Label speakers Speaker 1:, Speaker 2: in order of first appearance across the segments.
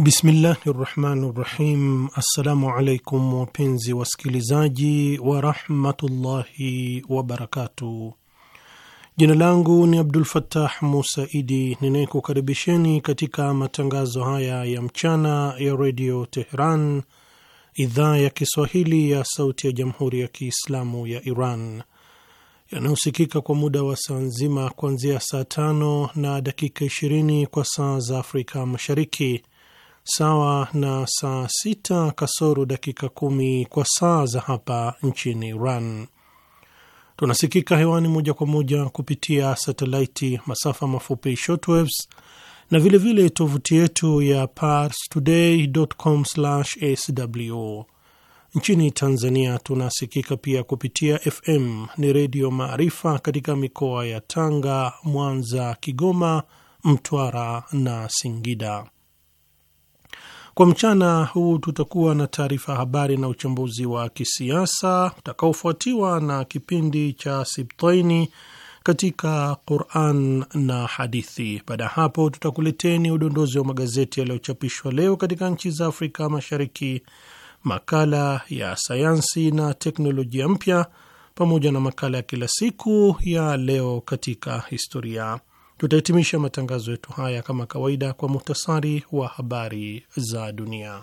Speaker 1: Bismillahi rahmani rahim. Assalamu alaikum wapenzi wasikilizaji warahmatullahi wabarakatuh. Jina langu ni Abdul Fattah Musaidi ninayekukaribisheni katika matangazo haya ya mchana ya redio Teheran, idhaa ya Kiswahili ya sauti ya jamhuri ya Kiislamu ya Iran yanayosikika kwa muda wa saa nzima kuanzia saa tano na dakika ishirini kwa saa za Afrika Mashariki sawa na saa sita kasoro dakika kumi kwa saa za hapa nchini Iran. Tunasikika hewani moja kwa moja kupitia satelaiti, masafa mafupi shortwaves, na vilevile tovuti yetu ya pars parstoday.com/sw. Nchini Tanzania tunasikika pia kupitia FM ni Redio Maarifa katika mikoa ya Tanga, Mwanza, Kigoma, Mtwara na Singida. Kwa mchana huu tutakuwa na taarifa habari na uchambuzi wa kisiasa utakaofuatiwa na kipindi cha Sibtaini katika Quran na hadithi. Baada ya hapo, tutakuleteni udondozi wa magazeti yaliyochapishwa leo katika nchi za Afrika Mashariki, makala ya sayansi na teknolojia mpya, pamoja na makala ya kila siku ya leo katika historia. Tutahitimisha matangazo yetu haya kama kawaida kwa muhtasari wa habari za dunia.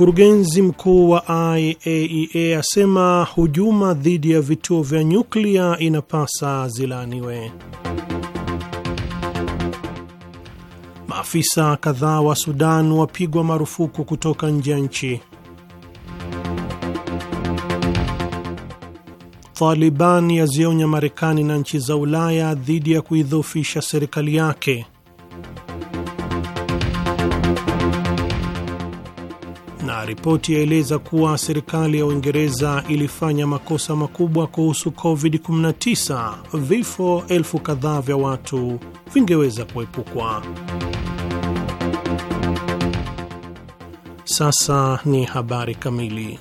Speaker 1: Mkurugenzi mkuu wa IAEA e asema hujuma dhidi ya vituo vya nyuklia inapasa zilaaniwe. Maafisa kadhaa wa Sudan wapigwa marufuku kutoka nje ya nchi. Taliban yazionya Marekani na nchi za Ulaya dhidi ya kuidhoofisha serikali yake. ripoti yaeleza kuwa serikali ya Uingereza ilifanya makosa makubwa kuhusu COVID-19, vifo elfu kadhaa vya watu vingeweza kuepukwa. Sasa ni habari kamili.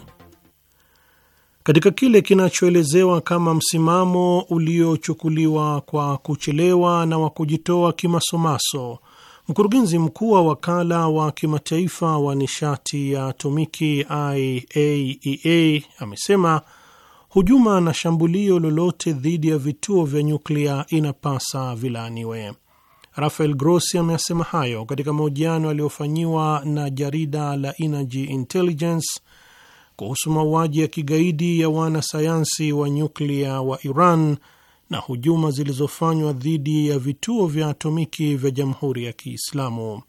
Speaker 1: Katika kile kinachoelezewa kama msimamo uliochukuliwa kwa kuchelewa na wa kujitoa kimasomaso Mkurugenzi mkuu wa wakala wa kimataifa wa nishati ya atomiki IAEA e amesema hujuma na shambulio lolote dhidi ya vituo vya nyuklia inapasa vilaaniwe. Rafael Grossi ameasema hayo katika mahojiano aliyofanyiwa na jarida la Energy Intelligence kuhusu mauaji ya kigaidi ya wanasayansi wa nyuklia wa Iran na hujuma zilizofanywa dhidi ya vituo vya atomiki vya Jamhuri ya Kiislamu.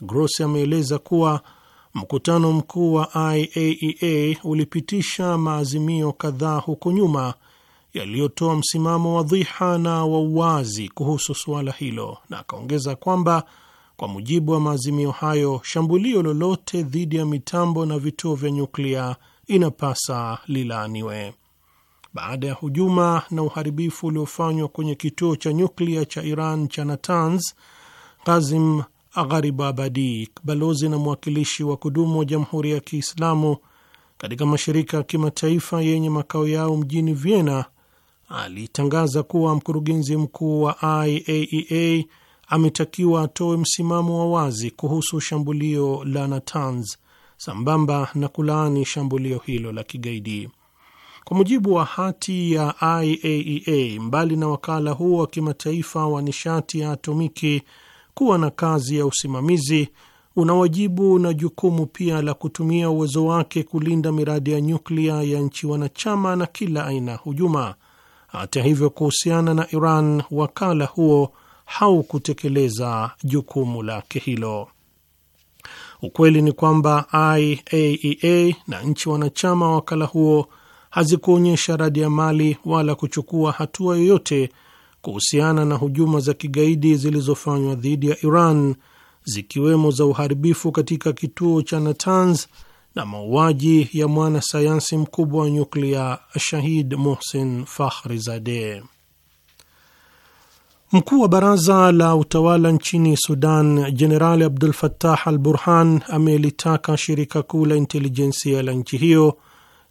Speaker 1: Grossi ameeleza kuwa mkutano mkuu wa IAEA e ulipitisha maazimio kadhaa huko nyuma yaliyotoa msimamo wa dhiha na wa uwazi kuhusu suala hilo, na akaongeza kwamba kwa mujibu wa maazimio hayo, shambulio lolote dhidi ya mitambo na vituo vya nyuklia inapasa lilaaniwe baada ya hujuma na uharibifu uliofanywa kwenye kituo cha nyuklia cha Iran cha Natanz, Kazim Gharibabadi, balozi na mwakilishi wa kudumu wa Jamhuri ya Kiislamu katika mashirika ya kimataifa yenye makao yao mjini Vienna, alitangaza kuwa mkurugenzi mkuu wa IAEA e ametakiwa atoe msimamo wa wazi kuhusu shambulio la Natanz sambamba na kulaani shambulio hilo la kigaidi. Kwa mujibu wa hati ya IAEA, e mbali na wakala huo wa kimataifa wa nishati ya atomiki kuwa na kazi ya usimamizi, una wajibu na jukumu pia la kutumia uwezo wake kulinda miradi ya nyuklia ya nchi wanachama na kila aina ya hujuma. Hata hivyo, kuhusiana na Iran, wakala huo haukutekeleza jukumu lake hilo. Ukweli ni kwamba IAEA e na nchi wanachama wa wakala huo hazikuonyesha radi ya mali wala kuchukua hatua yoyote kuhusiana na hujuma za kigaidi zilizofanywa dhidi ya Iran, zikiwemo za uharibifu katika kituo cha Natanz na mauaji ya mwanasayansi mkubwa wa nyuklia Shahid fahri Fakhrizadeh. Mkuu wa baraza la utawala nchini Sudan, Jenerali Abdul Fattah al Burhan, amelitaka shirika kuu la intelijensia la nchi hiyo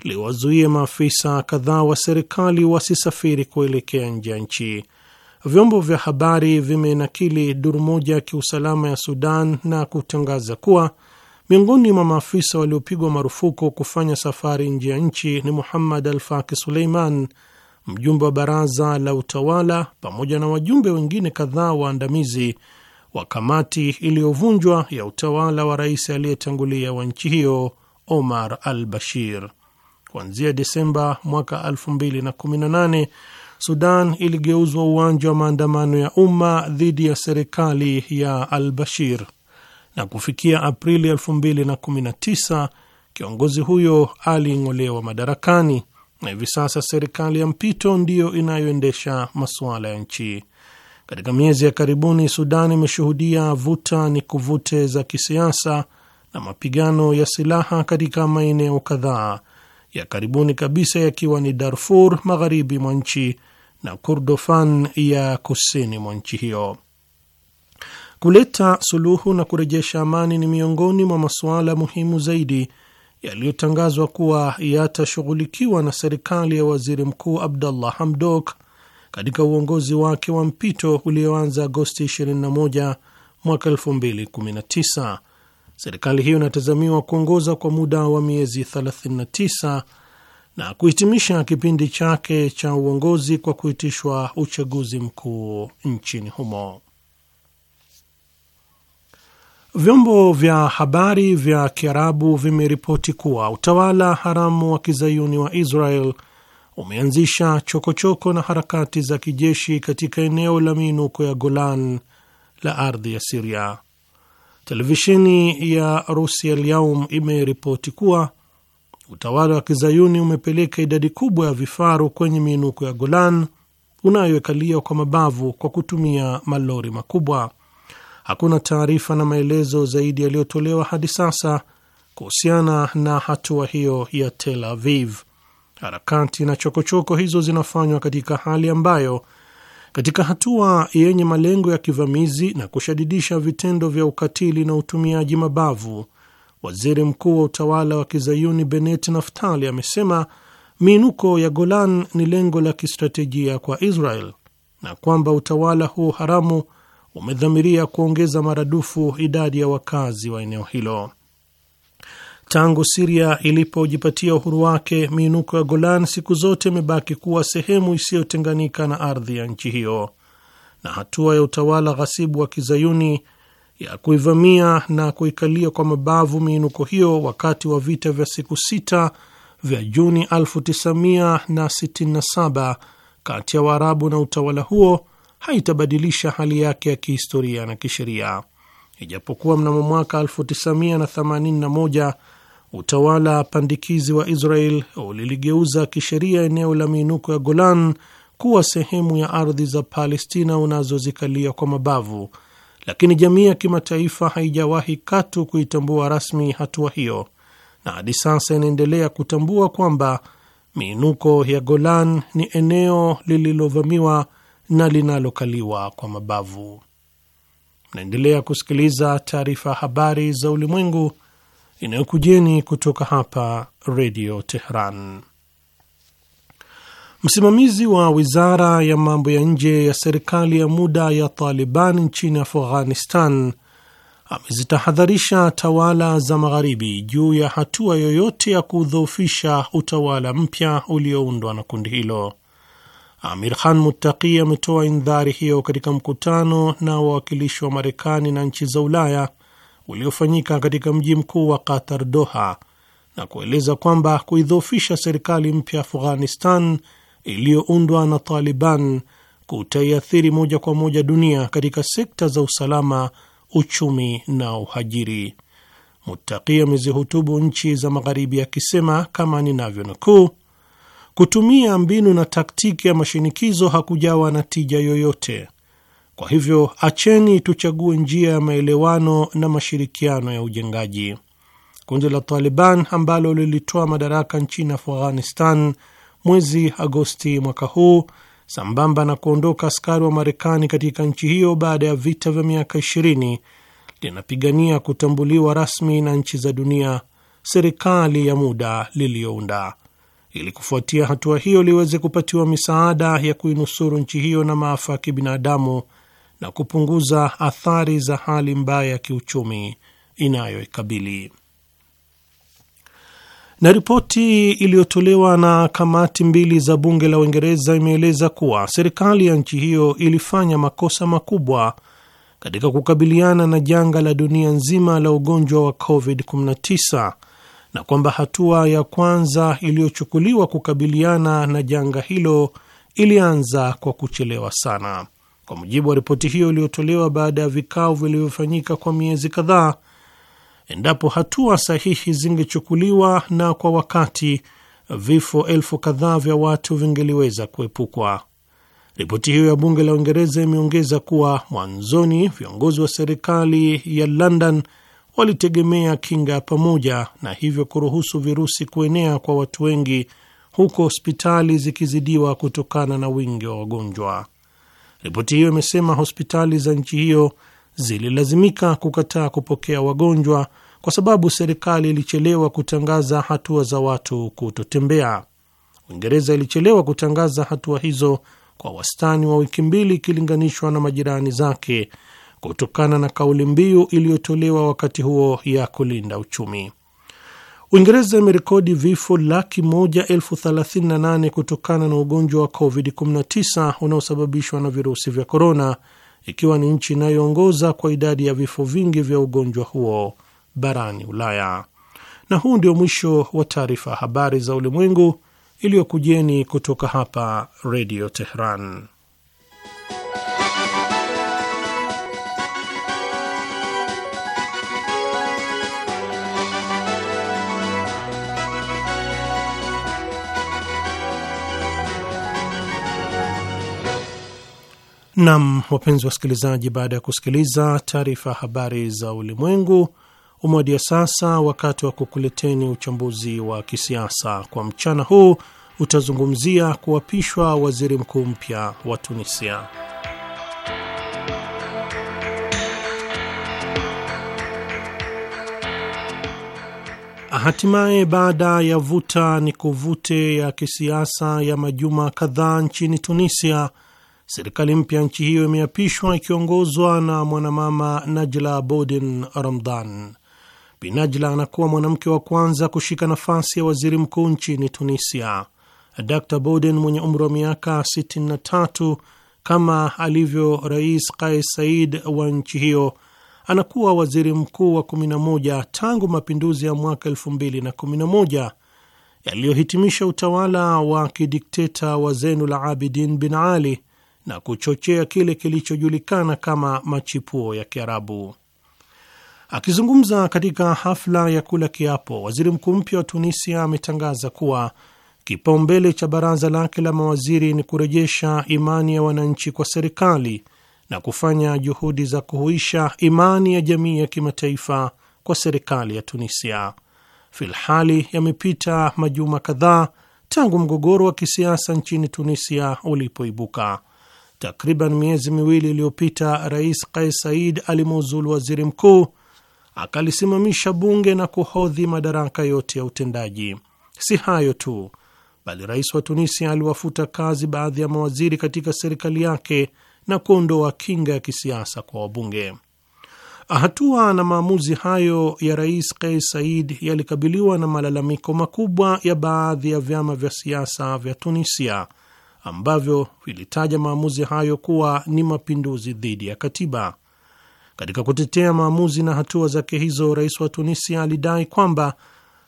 Speaker 1: liwazuie maafisa kadhaa wa serikali wasisafiri kuelekea nje ya nchi. Vyombo vya habari vimenakili duru moja ya kiusalama ya Sudan na kutangaza kuwa miongoni mwa maafisa waliopigwa marufuku kufanya safari nje ya nchi ni Muhammad Alfaki Suleiman, mjumbe wa baraza la utawala, pamoja na wajumbe wengine kadhaa waandamizi wa kamati iliyovunjwa ya utawala wa rais aliyetangulia wa nchi hiyo Omar al Bashir. Kuanzia Desemba mwaka 2018 Sudan iligeuzwa uwanja wa maandamano ya umma dhidi ya serikali ya al-Bashir, na kufikia Aprili 2019 kiongozi huyo aling'olewa madarakani, na hivi sasa serikali ya mpito ndiyo inayoendesha masuala ya nchi. Katika miezi ya karibuni, Sudan imeshuhudia vuta ni kuvute za kisiasa na mapigano ya silaha katika maeneo kadhaa ya karibuni kabisa yakiwa ni Darfur magharibi mwa nchi na Kurdofan ya kusini mwa nchi hiyo. Kuleta suluhu na kurejesha amani ni miongoni mwa masuala muhimu zaidi yaliyotangazwa kuwa yatashughulikiwa na serikali ya waziri mkuu abdullah Hamdok katika uongozi wake wa mpito ulioanza Agosti 21 mwaka 2019 Serikali hiyo inatazamiwa kuongoza kwa muda wa miezi 39 na kuhitimisha kipindi chake cha uongozi kwa kuitishwa uchaguzi mkuu nchini humo. Vyombo vya habari vya Kiarabu vimeripoti kuwa utawala haramu wa kizayuni wa Israel umeanzisha chokochoko na harakati za kijeshi katika eneo la miinuko ya Golan la ardhi ya Siria. Televisheni ya Rusia al imeripoti kuwa utawala wa kizayuni umepeleka idadi kubwa ya vifaru kwenye miinuko ya Golan unayoekalia kwa mabavu kwa kutumia malori makubwa. Hakuna taarifa na maelezo zaidi yaliyotolewa hadi sasa kuhusiana na hatua hiyo ya Tel Aviv. Harakati na chokochoko hizo zinafanywa katika hali ambayo katika hatua yenye malengo ya kivamizi na kushadidisha vitendo vya ukatili na utumiaji mabavu, waziri mkuu wa utawala wa kizayuni Benet Naftali amesema miinuko ya Golan ni lengo la kistratejia kwa Israel na kwamba utawala huo haramu umedhamiria kuongeza maradufu idadi ya wakazi wa eneo hilo. Tangu Siria ilipojipatia uhuru wake, miinuko ya Golan siku zote imebaki kuwa sehemu isiyotenganika na ardhi ya nchi hiyo, na hatua ya utawala ghasibu wa kizayuni ya kuivamia na kuikalia kwa mabavu miinuko hiyo wakati wa vita vya siku sita vya Juni 1967 kati ya Waarabu na utawala huo haitabadilisha hali yake ya kihistoria na kisheria, ijapokuwa mnamo mwaka 1981 utawala pandikizi wa Israel uliligeuza kisheria eneo la miinuko ya Golan kuwa sehemu ya ardhi za Palestina unazozikalia kwa mabavu, lakini jamii ya kimataifa haijawahi katu kuitambua rasmi hatua hiyo, na hadi sasa inaendelea kutambua kwamba miinuko ya Golan ni eneo lililovamiwa na linalokaliwa kwa mabavu. Naendelea kusikiliza taarifa habari za ulimwengu inayokujeni kutoka hapa Redio Tehran. Msimamizi wa wizara ya mambo ya nje ya serikali ya muda ya Taliban nchini Afghanistan amezitahadharisha tawala za magharibi juu ya hatua yoyote ya kudhoofisha utawala mpya ulioundwa na kundi hilo. Amir Khan Muttaqi ametoa indhari hiyo katika mkutano na wawakilishi wa Marekani na nchi za Ulaya uliofanyika katika mji mkuu wa Qatar, Doha, na kueleza kwamba kuidhoofisha serikali mpya Afghanistan iliyoundwa na Taliban kutaiathiri moja kwa moja dunia katika sekta za usalama, uchumi na uhajiri. Mutaki amezihutubu nchi za Magharibi akisema kama ninavyonukuu, kutumia mbinu na taktiki ya mashinikizo hakujawa na tija yoyote kwa hivyo acheni tuchague njia ya maelewano na mashirikiano ya ujengaji. Kundi la Taliban ambalo lilitoa madaraka nchini Afghanistan mwezi Agosti mwaka huu sambamba na kuondoka askari wa Marekani katika nchi hiyo baada ya vita vya miaka 20 linapigania kutambuliwa rasmi na nchi za dunia serikali ya muda liliyounda ili kufuatia hatua hiyo liweze kupatiwa misaada ya kuinusuru nchi hiyo na maafa ya kibinadamu na kupunguza athari za hali mbaya ya kiuchumi inayoikabili. Na ripoti iliyotolewa na kamati mbili za bunge la Uingereza imeeleza kuwa serikali ya nchi hiyo ilifanya makosa makubwa katika kukabiliana na janga la dunia nzima la ugonjwa wa COVID-19 na kwamba hatua ya kwanza iliyochukuliwa kukabiliana na janga hilo ilianza kwa kuchelewa sana. Kwa mujibu wa ripoti hiyo iliyotolewa baada ya vikao vilivyofanyika kwa miezi kadhaa, endapo hatua sahihi zingechukuliwa na kwa wakati, vifo elfu kadhaa vya watu vingeliweza kuepukwa. Ripoti hiyo ya bunge la Uingereza imeongeza kuwa mwanzoni viongozi wa serikali ya London walitegemea kinga ya pamoja na hivyo kuruhusu virusi kuenea kwa watu wengi, huku hospitali zikizidiwa kutokana na wingi wa wagonjwa. Ripoti hiyo imesema hospitali za nchi hiyo zililazimika kukataa kupokea wagonjwa kwa sababu serikali ilichelewa kutangaza hatua za watu kutotembea. Uingereza ilichelewa kutangaza hatua hizo kwa wastani wa wiki mbili ikilinganishwa na majirani zake kutokana na kauli mbiu iliyotolewa wakati huo ya kulinda uchumi. Uingereza imerekodi vifo laki moja elfu thelathini na nane kutokana na ugonjwa wa COVID-19 unaosababishwa na virusi vya korona, ikiwa ni nchi inayoongoza kwa idadi ya vifo vingi vya ugonjwa huo barani Ulaya. Na huu ndio mwisho wa taarifa habari za ulimwengu iliyokujeni kutoka hapa Redio Teheran. Nam, wapenzi wasikilizaji, baada ya kusikiliza taarifa ya habari za ulimwengu, umewadia sasa wakati wa kukuleteni uchambuzi wa kisiasa kwa mchana huu. Utazungumzia kuapishwa waziri mkuu mpya wa Tunisia. Hatimaye, baada ya vuta ni kuvute ya kisiasa ya majuma kadhaa nchini Tunisia, Serikali mpya nchi hiyo imeapishwa ikiongozwa na mwanamama Najla bodin Ramdan. Bi Najla anakuwa mwanamke wa kwanza kushika nafasi ya waziri mkuu nchini Tunisia. Dr bodin mwenye umri wa miaka 63 kama alivyo Rais Kais said wa nchi hiyo anakuwa waziri mkuu wa 11 tangu mapinduzi ya mwaka 2011 yaliyohitimisha utawala wa kidikteta wa Zeinul Abidin bin Ali na kuchochea kile kilichojulikana kama machipuo ya Kiarabu. Akizungumza katika hafla ya kula kiapo, waziri mkuu mpya wa Tunisia ametangaza kuwa kipaumbele cha baraza lake la mawaziri ni kurejesha imani ya wananchi kwa serikali na kufanya juhudi za kuhuisha imani ya jamii ya kimataifa kwa serikali ya Tunisia. Filhali yamepita majuma kadhaa tangu mgogoro wa kisiasa nchini Tunisia ulipoibuka. Takriban miezi miwili iliyopita, Rais Kais Saied alimuuzulu waziri mkuu, akalisimamisha bunge na kuhodhi madaraka yote ya utendaji. Si hayo tu, bali rais wa Tunisia aliwafuta kazi baadhi ya mawaziri katika serikali yake na kuondoa kinga ya kisiasa kwa wabunge. Hatua na maamuzi hayo ya rais Kais Saied yalikabiliwa na malalamiko makubwa ya baadhi ya vyama vya siasa vya Tunisia ambavyo vilitaja maamuzi hayo kuwa ni mapinduzi dhidi ya katiba. Katika kutetea maamuzi na hatua zake hizo, rais wa Tunisia alidai kwamba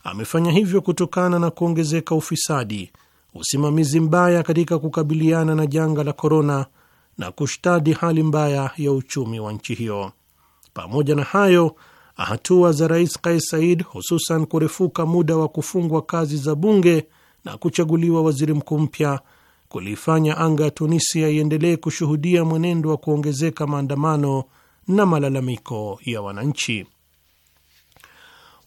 Speaker 1: amefanya hivyo kutokana na kuongezeka ufisadi, usimamizi mbaya katika kukabiliana na janga la korona na kushtadi hali mbaya ya uchumi wa nchi hiyo. Pamoja na hayo, hatua za rais Kais Said, hususan kurefuka muda wa kufungwa kazi za bunge na kuchaguliwa waziri mkuu mpya kuliifanya anga ya Tunisia iendelee kushuhudia mwenendo wa kuongezeka maandamano na malalamiko ya wananchi.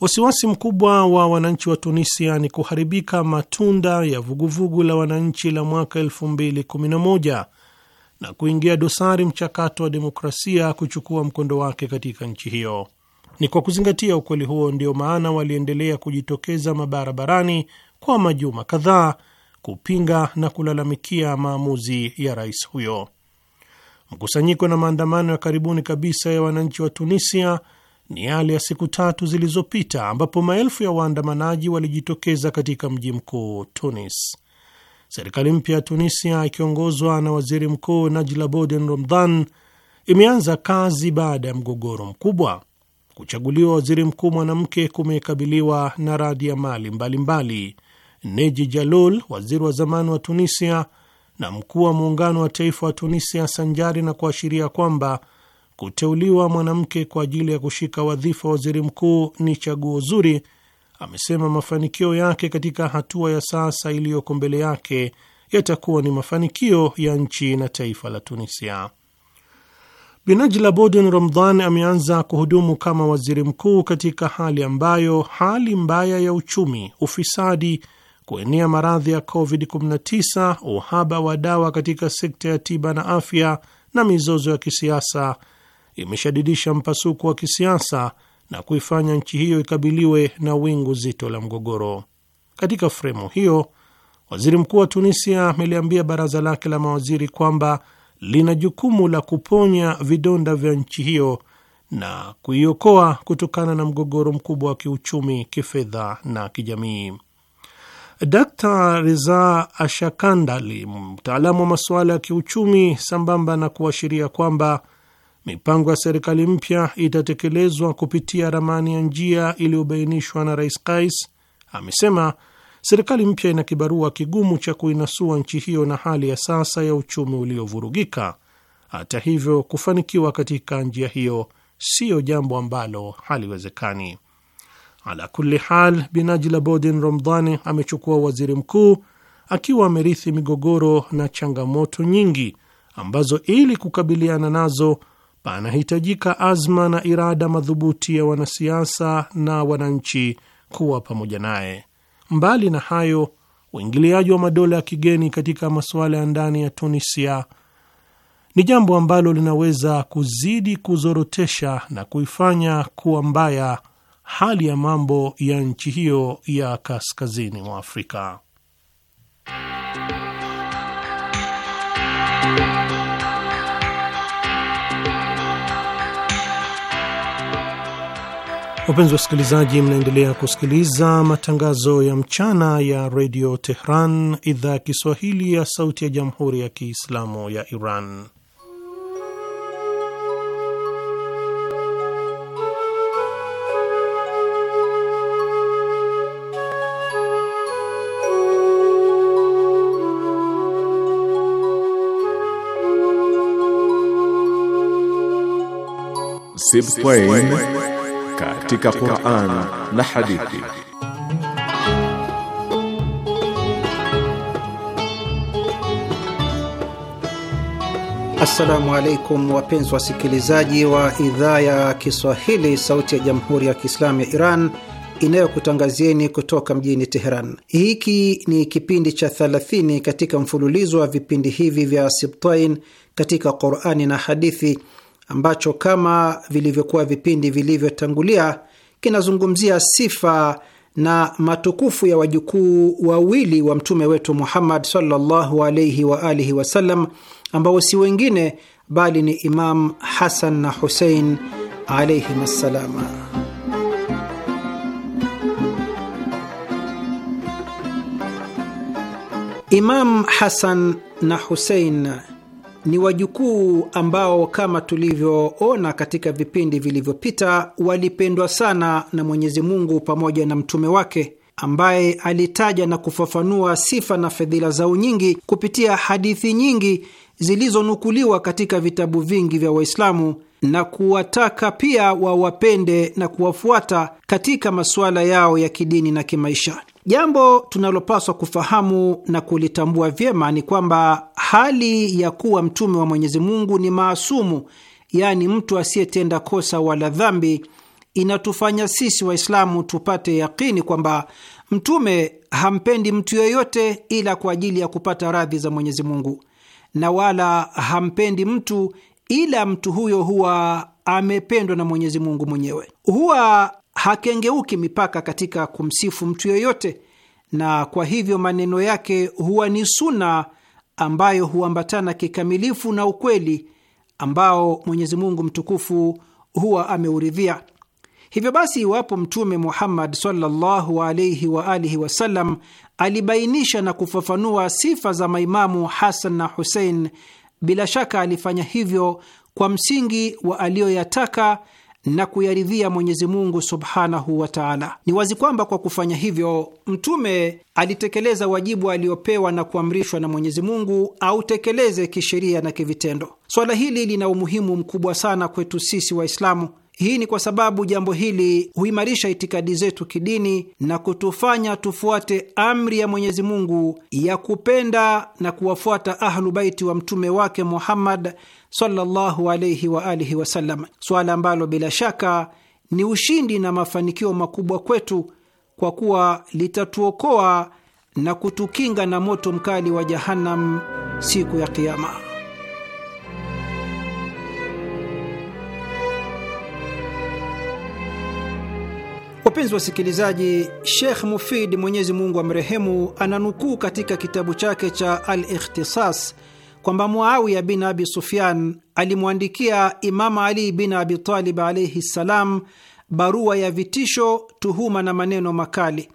Speaker 1: Wasiwasi mkubwa wa wananchi wa Tunisia ni kuharibika matunda ya vuguvugu la wananchi la mwaka 2011 na kuingia dosari mchakato wa demokrasia kuchukua mkondo wake katika nchi hiyo. Ni kwa kuzingatia ukweli huo, ndio maana waliendelea kujitokeza mabarabarani kwa majuma kadhaa kupinga na kulalamikia maamuzi ya rais huyo. Mkusanyiko na maandamano ya karibuni kabisa ya wananchi wa Tunisia ni yale ya siku tatu zilizopita, ambapo maelfu ya waandamanaji walijitokeza katika mji mkuu Tunis. Serikali mpya ya Tunisia ikiongozwa na waziri mkuu Najla Boden Romdhan imeanza kazi baada ya mgogoro mkubwa. Kuchaguliwa waziri mkuu mwanamke kumekabiliwa na radi ya mali mbalimbali mbali. Neji Jalul, waziri wa zamani wa Tunisia na mkuu wa muungano wa taifa wa Tunisia, sanjari na kuashiria kwamba kuteuliwa mwanamke kwa ajili ya kushika wadhifa wa waziri mkuu ni chaguo zuri, amesema mafanikio yake katika hatua ya sasa iliyoko mbele yake yatakuwa ni mafanikio ya nchi na taifa la Tunisia. Binajla Boden Ramdhan ameanza kuhudumu kama waziri mkuu katika hali ambayo hali mbaya ya uchumi, ufisadi kuenea maradhi ya COVID-19, uhaba wa dawa katika sekta ya tiba na afya, na mizozo ya kisiasa imeshadidisha mpasuko wa kisiasa na kuifanya nchi hiyo ikabiliwe na wingu zito la mgogoro. Katika fremu hiyo, waziri mkuu wa Tunisia ameliambia baraza lake la mawaziri kwamba lina jukumu la kuponya vidonda vya nchi hiyo na kuiokoa kutokana na mgogoro mkubwa wa kiuchumi, kifedha na kijamii. Dkt Reza Ashakandali, mtaalamu wa masuala ya kiuchumi, sambamba na kuashiria kwamba mipango ya serikali mpya itatekelezwa kupitia ramani ya njia iliyobainishwa na Rais Kais, amesema serikali mpya ina kibarua kigumu cha kuinasua nchi hiyo na hali ya sasa ya uchumi uliovurugika. Hata hivyo, kufanikiwa katika njia hiyo siyo jambo ambalo haliwezekani. Ala kulli hal, Binajilabodin Ramdhani amechukua waziri mkuu akiwa amerithi migogoro na changamoto nyingi ambazo ili kukabiliana nazo panahitajika azma na irada madhubuti ya wanasiasa na wananchi kuwa pamoja naye. Mbali na hayo, uingiliaji wa madola ya kigeni katika masuala ya ndani ya Tunisia ni jambo ambalo linaweza kuzidi kuzorotesha na kuifanya kuwa mbaya hali ya mambo ya nchi hiyo ya kaskazini mwa Afrika. Wapenzi wasikilizaji, mnaendelea kusikiliza matangazo ya mchana ya redio Tehran, idhaa ya Kiswahili ya sauti ya jamhuri ya kiislamu ya Iran.
Speaker 2: Sibtain katika Qur'an na hadithi.
Speaker 3: Assalamu alaikum wapenzi wasikilizaji wa idhaa ya Kiswahili sauti ya Jamhuri ya Kiislamu ya Iran inayokutangazieni kutoka mjini Teheran. Hiki ni kipindi cha 30 katika mfululizo wa vipindi hivi vya Sibtain katika Qur'ani na hadithi ambacho kama vilivyokuwa vipindi vilivyotangulia kinazungumzia sifa na matukufu ya wajukuu wawili wa mtume wetu Muhammad sallallahu alaihi wa alihi wasallam ambao si wengine bali ni Imam Hasan na Husein alaihim assalama. Imam Hasan na Husein ni wajukuu ambao kama tulivyoona katika vipindi vilivyopita walipendwa sana na Mwenyezi Mungu pamoja na mtume wake ambaye alitaja na kufafanua sifa na fadhila zao nyingi kupitia hadithi nyingi zilizonukuliwa katika vitabu vingi vya Waislamu na kuwataka pia wawapende na kuwafuata katika masuala yao ya kidini na kimaisha. Jambo tunalopaswa kufahamu na kulitambua vyema ni kwamba hali ya kuwa mtume wa Mwenyezi Mungu ni maasumu, yaani mtu asiyetenda kosa wala dhambi, inatufanya sisi Waislamu tupate yakini kwamba mtume hampendi mtu yoyote ila kwa ajili ya kupata radhi za Mwenyezi Mungu, na wala hampendi mtu ila mtu huyo huwa amependwa na Mwenyezi Mungu mwenyewe. Huwa hakengeuki mipaka katika kumsifu mtu yoyote, na kwa hivyo maneno yake huwa ni suna ambayo huambatana kikamilifu na ukweli ambao Mwenyezi Mungu mtukufu huwa ameuridhia. Hivyo basi, iwapo Mtume Muhammad sallallahu wa alihi wasallam alibainisha na kufafanua sifa za maimamu Hasan na Husein, bila shaka alifanya hivyo kwa msingi wa aliyoyataka na kuyaridhia Mwenyezi Mungu subhanahu wa taala. Ni wazi kwamba kwa kufanya hivyo Mtume alitekeleza wajibu aliopewa na kuamrishwa na Mwenyezi Mungu autekeleze kisheria na kivitendo. Swala hili lina umuhimu mkubwa sana kwetu sisi Waislamu hii ni kwa sababu jambo hili huimarisha itikadi zetu kidini na kutufanya tufuate amri ya Mwenyezi Mungu ya kupenda na kuwafuata Ahlu Baiti wa mtume wake Muhammad sallallahu alayhi wa alihi wasallam, swala ambalo bila shaka ni ushindi na mafanikio makubwa kwetu kwa kuwa litatuokoa na kutukinga na moto mkali wa Jahannam siku ya Kiyama. Wapenzi wasikilizaji, Shekh Mufid, Mwenyezi Mungu amrehemu, ananukuu katika kitabu chake cha Al-Ikhtisas kwamba Muawiya bin Abi Sufyan alimwandikia Imamu Ali bin Abi Talib alaihi ssalam barua ya vitisho, tuhuma na maneno makali,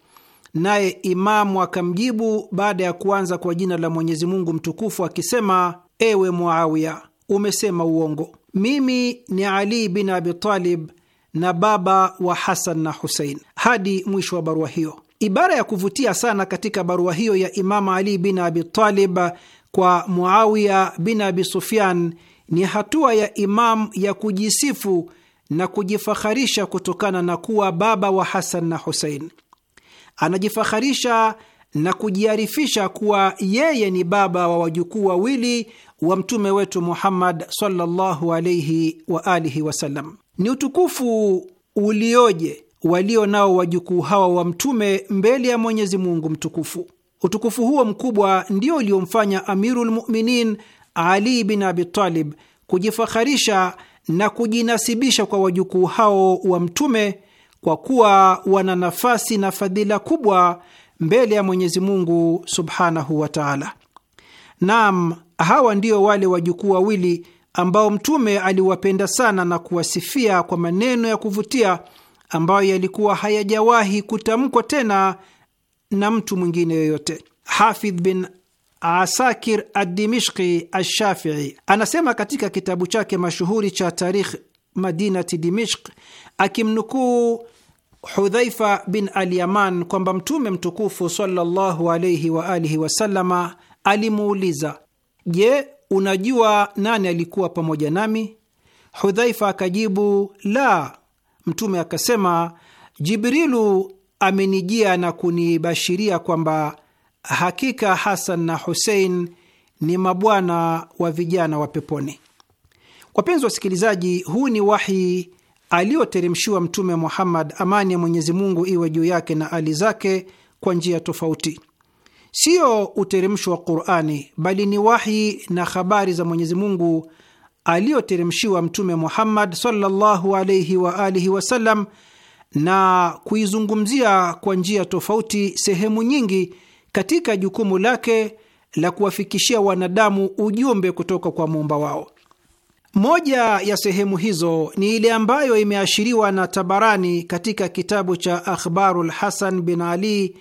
Speaker 3: naye Imamu akamjibu baada ya kuanza kwa jina la Mwenyezi Mungu mtukufu akisema: ewe Muawiya, umesema uongo. Mimi ni Ali bin Abi Talib na baba wa Hasan na Husein, hadi mwisho wa barua hiyo. Ibara ya kuvutia sana katika barua hiyo ya Imamu Ali bin Abi Talib kwa Muawiya bin Abi Sufyan ni hatua ya Imamu ya kujisifu na kujifaharisha kutokana na kuwa baba wa Hasan na Husein. Anajifaharisha na kujiarifisha kuwa yeye ni baba wa wajukuu wawili wa mtume wetu Muhammad sallallahu alaihi wa alihi wasallam. Ni utukufu ulioje walio nao wajukuu hawa wa Mtume mbele ya Mwenyezi Mungu Mtukufu. Utukufu huo mkubwa ndio uliomfanya Amirul Muminin Ali bin Abitalib kujifaharisha na kujinasibisha kwa wajukuu hao wa Mtume kwa kuwa wana nafasi na fadhila kubwa mbele ya Mwenyezi Mungu subhanahu wa taala. Naam, hawa ndio wale wajukuu wawili ambao Mtume aliwapenda sana na kuwasifia kwa maneno ya kuvutia ambayo yalikuwa hayajawahi kutamkwa tena na mtu mwingine yoyote. Hafidh bin Asakir Adimishki Ashafii anasema katika kitabu chake mashuhuri cha Tarikh Madinati Dimishk akimnukuu Hudhaifa bin Alyaman kwamba Mtume mtukufu sallallahu wa waalihi alimuuliza, Je, unajua nani alikuwa pamoja nami? Hudhaifa akajibu la. Mtume akasema, Jibrilu amenijia na kunibashiria kwamba hakika Hasan na Husein ni mabwana wa vijana wa peponi. Wapenzi wasikilizaji, huu ni wahi aliyoteremshiwa Mtume Muhammad, amani ya Mwenyezi Mungu iwe juu yake na ali zake, kwa njia tofauti siyo uteremsho wa Qurani, bali ni wahi na habari za Mwenyezi Mungu aliyoteremshiwa Mtume Muhammad sallallahu alaihi wa alihi wasallam na kuizungumzia kwa njia tofauti sehemu nyingi katika jukumu lake la kuwafikishia wanadamu ujumbe kutoka kwa muumba wao. Moja ya sehemu hizo ni ile ambayo imeashiriwa na Tabarani katika kitabu cha Akhbarul Hasan bin Ali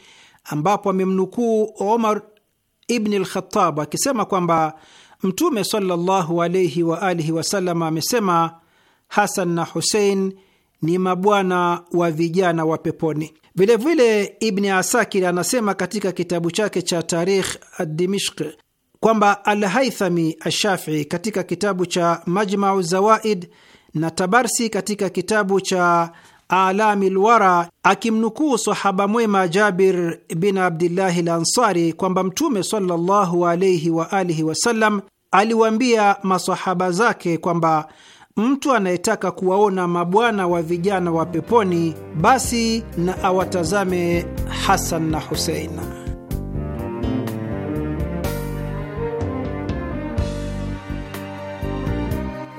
Speaker 3: ambapo amemnukuu Omar ibn al akisema kwamba Mtume sallallahu alayhi wa alihi wasallam amesema, Hasan na Husein ni mabwana wa vijana wa peponi. Vilevile Ibni Asakir anasema katika kitabu chake cha Tarikh Adimishq kwamba Alhaithami Ashafii katika kitabu cha Majmau Zawaid na Tabarsi katika kitabu cha alami lwara akimnukuu sahaba mwema Jabir bin Abdillahi Lansari kwamba Mtume sallallahu alaihi wasallam aliwaambia masahaba zake kwamba mtu anayetaka kuwaona mabwana wa vijana wa peponi basi na awatazame Hasan na Husein.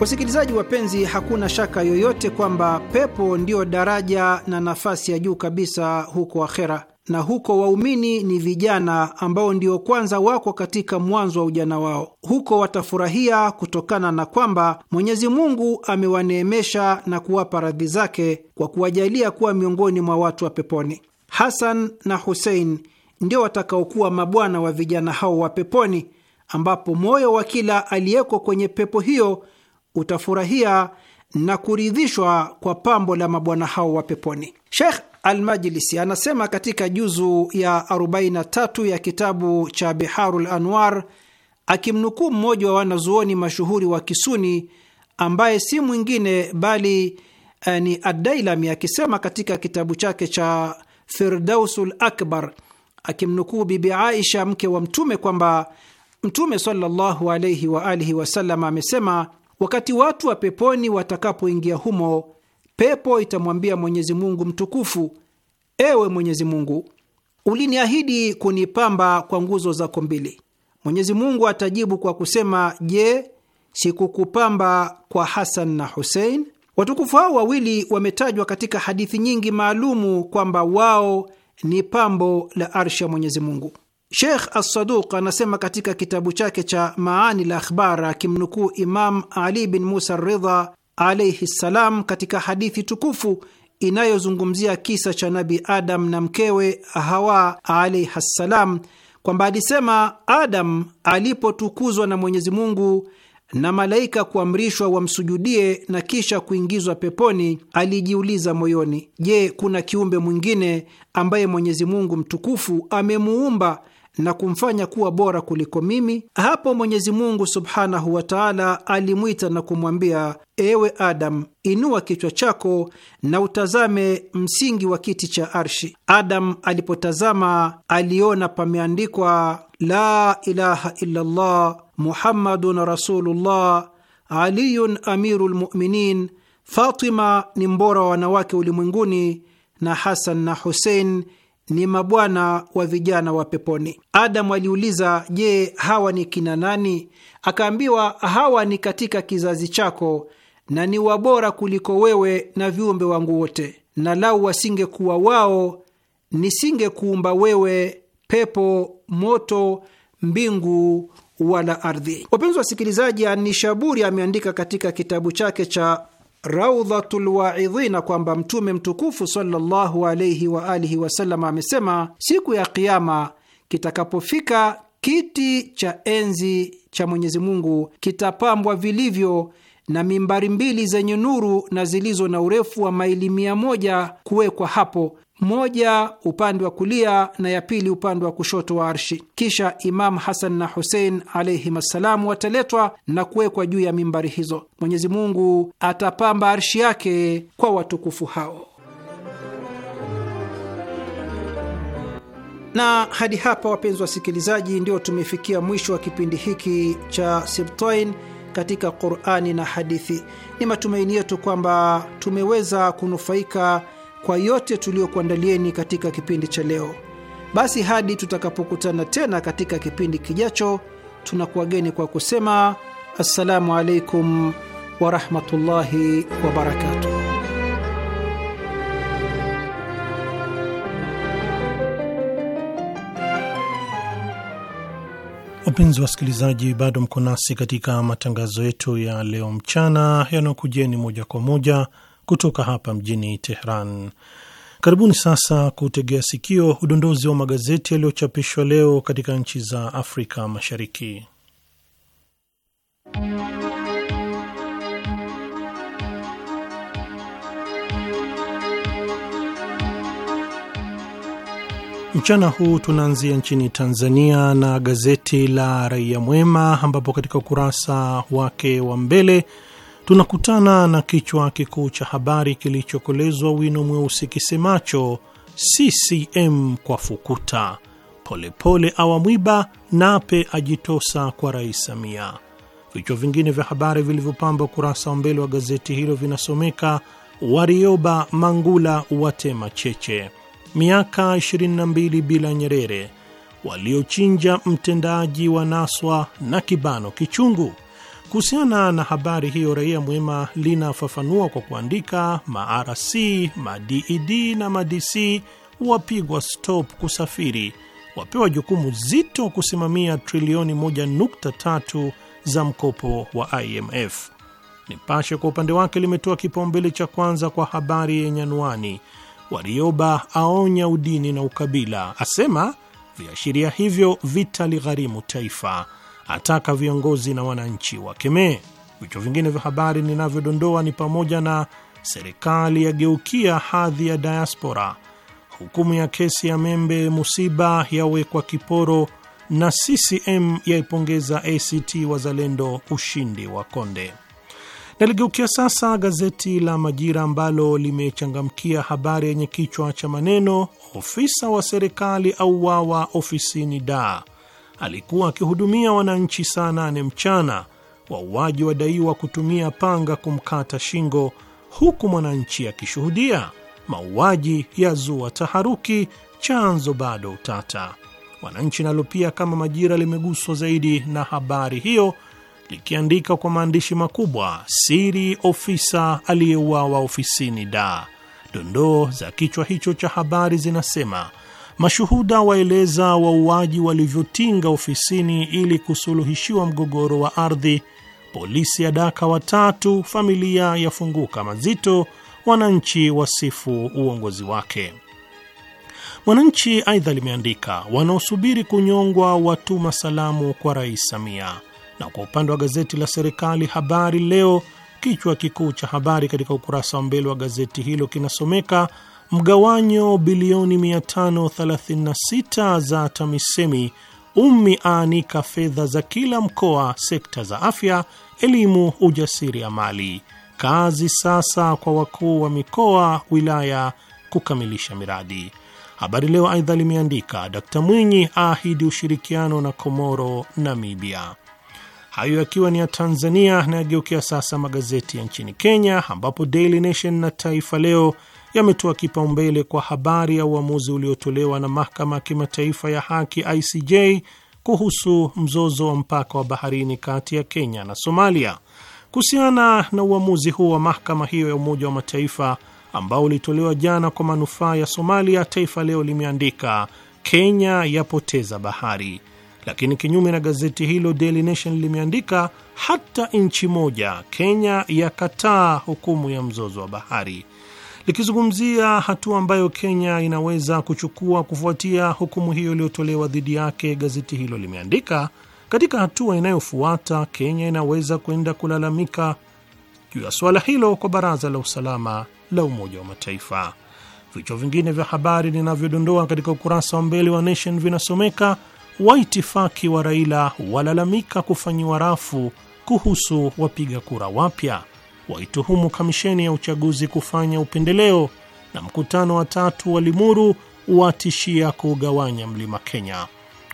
Speaker 3: Wasikilizaji wapenzi, hakuna shaka yoyote kwamba pepo ndiyo daraja na nafasi ya juu kabisa huko akhera, na huko waumini ni vijana ambao ndio kwanza wako katika mwanzo wa ujana wao. Huko watafurahia kutokana na kwamba Mwenyezi Mungu amewaneemesha na kuwapa radhi zake kwa kuwajalia kuwa miongoni mwa watu wa peponi. Hasan na Husein ndio watakaokuwa mabwana wa vijana hao wa peponi, ambapo moyo wa kila aliyeko kwenye pepo hiyo utafurahia na kuridhishwa kwa pambo la mabwana hao wa peponi. Sheikh Almajlisi anasema katika juzu ya 43 ya kitabu cha Biharul Anwar, akimnukuu mmoja wa wanazuoni mashuhuri wa Kisuni ambaye si mwingine bali eh, ni Adailami akisema katika kitabu chake cha Firdausul Akbar akimnukuu Bibi Aisha mke wa Mtume kwamba Mtume sallallahu wasallam amesema Wakati watu wa peponi watakapoingia humo, pepo itamwambia Mwenyezi Mungu mtukufu, ewe Mwenyezi Mungu, uliniahidi kunipamba kwa nguzo zako mbili. Mwenyezi Mungu atajibu kwa kusema, je, sikukupamba kwa Hasan na Husein? Watukufu hao wawili wametajwa katika hadithi nyingi maalumu kwamba wao ni pambo la arsha Mwenyezi Mungu. Sheikh Assaduq anasema katika kitabu chake cha Maani la Akhbar, akimnukuu Imam Ali bin Musa Ridha alaihi ssalam, katika hadithi tukufu inayozungumzia kisa cha Nabi Adam na mkewe Hawa alaihi ssalam, kwamba alisema Adam alipotukuzwa na Mwenyezi Mungu na malaika kuamrishwa wamsujudie na kisha kuingizwa peponi, alijiuliza moyoni, je, kuna kiumbe mwingine ambaye Mwenyezi Mungu mtukufu amemuumba na kumfanya kuwa bora kuliko mimi, hapo Mwenyezi Mungu subhanahu wa taala alimwita na kumwambia, ewe Adam, inua kichwa chako na utazame msingi wa kiti cha arshi. Adam alipotazama aliona pameandikwa la ilaha illallah muhammadun rasulullah aliyun amiru lmuminin, Fatima ni mbora wa wanawake ulimwenguni, na Hasan na Husein ni mabwana wa vijana wa peponi. Adamu aliuliza, je, hawa ni kina nani? Akaambiwa, hawa ni katika kizazi chako na ni wabora kuliko wewe na viumbe wangu wote, na lau wasingekuwa wao, nisingekuumba wewe, pepo, moto, mbingu wala ardhi. Wapenzi wasikilizaji, Anishaburi ameandika katika kitabu chake cha Raudhatul Waidhina kwamba Mtume mtukufu sallallahu alaihi wa alihi wasallam amesema, siku ya Kiama kitakapofika kiti cha enzi cha Mwenyezi Mungu kitapambwa vilivyo na mimbari mbili zenye nuru na zilizo na urefu wa maili mia moja kuwekwa hapo moja upande wa kulia na ya pili upande wa kushoto wa arshi. Kisha Imam Hasan na Husein alayhim assalamu wataletwa na kuwekwa juu ya mimbari hizo. Mwenyezi Mungu atapamba arshi yake kwa watukufu hao. Na hadi hapa, wapenzi wasikilizaji, ndio tumefikia mwisho wa kipindi hiki cha Sibtain katika Qurani na Hadithi. Ni matumaini yetu kwamba tumeweza kunufaika kwa yote tuliyokuandalieni katika kipindi cha leo. Basi hadi tutakapokutana tena katika kipindi kijacho, tunakuwageni kwa kusema assalamu alaikum warahmatullahi wabarakatuh.
Speaker 1: Wapenzi wasikilizaji, bado mko nasi katika matangazo yetu ya leo mchana yanayokujeni moja kwa moja kutoka hapa mjini Tehran. Karibuni sasa kutegea sikio udondozi wa magazeti yaliyochapishwa leo katika nchi za Afrika Mashariki. Mchana huu tunaanzia nchini Tanzania na gazeti la Raia Mwema, ambapo katika ukurasa wake wa mbele tunakutana na kichwa kikuu cha habari kilichokolezwa wino mweusi kisemacho CCM kwa fukuta, polepole awamwiba, Nape ajitosa kwa Rais Samia. Vichwa vingine vya habari vilivyopamba ukurasa wa mbele wa gazeti hilo vinasomeka: Warioba, Mangula watema cheche, miaka 22 bila Nyerere, waliochinja mtendaji wa Naswa na kibano kichungu Kuhusiana na habari hiyo, Raia Mwema linafafanua kwa kuandika marc maded e na madc wapigwa stop kusafiri, wapewa jukumu zito kusimamia trilioni 1.3 za mkopo wa IMF. Nipashe kwa upande wake limetoa kipaumbele cha kwanza kwa habari yenye anwani Warioba aonya udini na ukabila, asema viashiria hivyo vitaligharimu taifa ataka viongozi na wananchi wakemee. Vichwa vingine vya habari ninavyodondoa ni pamoja na serikali yageukia hadhi ya diaspora, hukumu ya kesi ya Membe Musiba yawekwa kiporo, na CCM yaipongeza ACT Wazalendo ushindi wa Konde. Naligeukia sasa gazeti la Majira ambalo limechangamkia habari yenye kichwa cha maneno ofisa wa serikali auawa ofisini da alikuwa akihudumia wananchi saa nane mchana, wauaji wadaiwa kutumia panga kumkata shingo, huku mwananchi akishuhudia mauaji ya zua taharuki, chanzo bado utata. Wananchi nalo pia kama Majira limeguswa zaidi na habari hiyo likiandika kwa maandishi makubwa, siri ofisa aliyeuawa ofisini da. Dondoo za kichwa hicho cha habari zinasema Mashuhuda waeleza wauaji walivyotinga ofisini ili kusuluhishiwa mgogoro wa ardhi. Polisi ya daka watatu, familia yafunguka mazito, wananchi wasifu uongozi wake. Mwananchi aidha limeandika wanaosubiri kunyongwa watuma salamu kwa Rais Samia. Na kwa upande wa gazeti la serikali Habari Leo, kichwa kikuu cha habari katika ukurasa wa mbele wa gazeti hilo kinasomeka mgawanyo bilioni 536 za TAMISEMI umeanika fedha za kila mkoa, sekta za afya, elimu, ujasiriamali, kazi sasa kwa wakuu wa mikoa, wilaya kukamilisha miradi. Habari Leo aidha limeandika Dkt Mwinyi aahidi ushirikiano na Komoro, Namibia. Hayo yakiwa ni ya Tanzania, na yageukia sasa magazeti ya nchini Kenya, ambapo Daily Nation na Taifa Leo yametoa kipaumbele kwa habari ya uamuzi uliotolewa na mahakama ya kimataifa ya haki ICJ kuhusu mzozo wa mpaka wa baharini kati ya Kenya na Somalia. Kuhusiana na uamuzi huo wa mahakama hiyo ya Umoja wa Mataifa ambao ulitolewa jana kwa manufaa ya Somalia, Taifa Leo limeandika Kenya yapoteza bahari. Lakini kinyume na gazeti hilo, Daily Nation limeandika hata nchi moja Kenya yakataa hukumu ya mzozo wa bahari likizungumzia hatua ambayo Kenya inaweza kuchukua kufuatia hukumu hiyo iliyotolewa dhidi yake. Gazeti hilo limeandika, katika hatua inayofuata Kenya inaweza kwenda kulalamika juu ya suala hilo kwa Baraza la Usalama la Umoja wa Mataifa. Vichwa vingine vya habari linavyodondoa katika ukurasa wa mbele wa Nation vinasomeka waitifaki wa Raila walalamika kufanyiwa rafu kuhusu wapiga kura wapya waituhumu kamisheni ya uchaguzi kufanya upendeleo, na mkutano wa tatu wa Limuru watishia kugawanya mlima Kenya.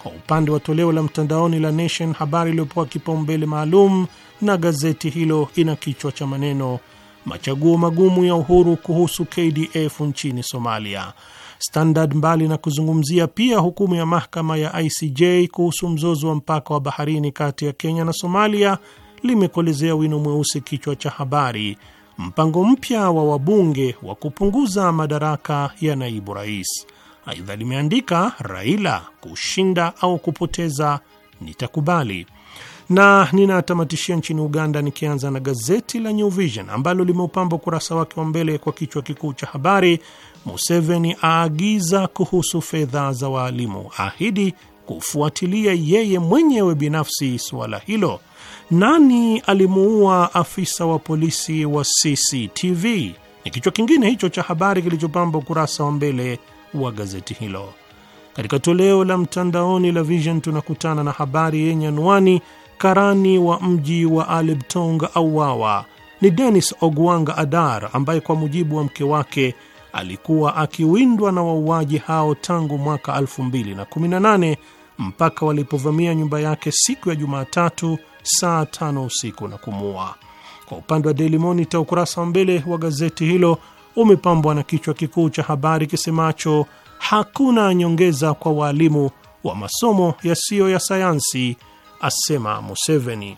Speaker 1: Kwa upande wa toleo la mtandaoni la Nation, habari iliyopewa kipaumbele maalum na gazeti hilo ina kichwa cha maneno machaguo magumu ya Uhuru kuhusu KDF nchini Somalia. Standard, mbali na kuzungumzia pia hukumu ya mahakama ya ICJ kuhusu mzozo wa mpaka wa baharini kati ya Kenya na Somalia limekolezea wino mweusi kichwa cha habari, mpango mpya wa wabunge wa kupunguza madaraka ya naibu rais. Aidha limeandika Raila, kushinda au kupoteza nitakubali. Na ninatamatishia nchini Uganda, nikianza na gazeti la New Vision ambalo limeupamba ukurasa wake wa mbele kwa kichwa kikuu cha habari, Museveni aagiza kuhusu fedha za waalimu, ahidi kufuatilia yeye mwenyewe binafsi suala hilo. Nani alimuua afisa wa polisi wa CCTV? Ni kichwa kingine hicho cha habari kilichopamba ukurasa wa mbele wa gazeti hilo. Katika toleo la mtandaoni la Vision tunakutana na habari yenye anwani karani wa mji wa Alebtong auawa. Ni Denis Ogwang Adar ambaye kwa mujibu wa mke wake alikuwa akiwindwa na wauaji hao tangu mwaka 2018 mpaka walipovamia nyumba yake siku ya Jumatatu saa tano usiku na kumuua. Kwa upande wa Daily Monitor, ukurasa wa mbele wa gazeti hilo umepambwa na kichwa kikuu cha habari kisemacho hakuna nyongeza kwa waalimu wa masomo yasiyo ya sayansi, asema Museveni.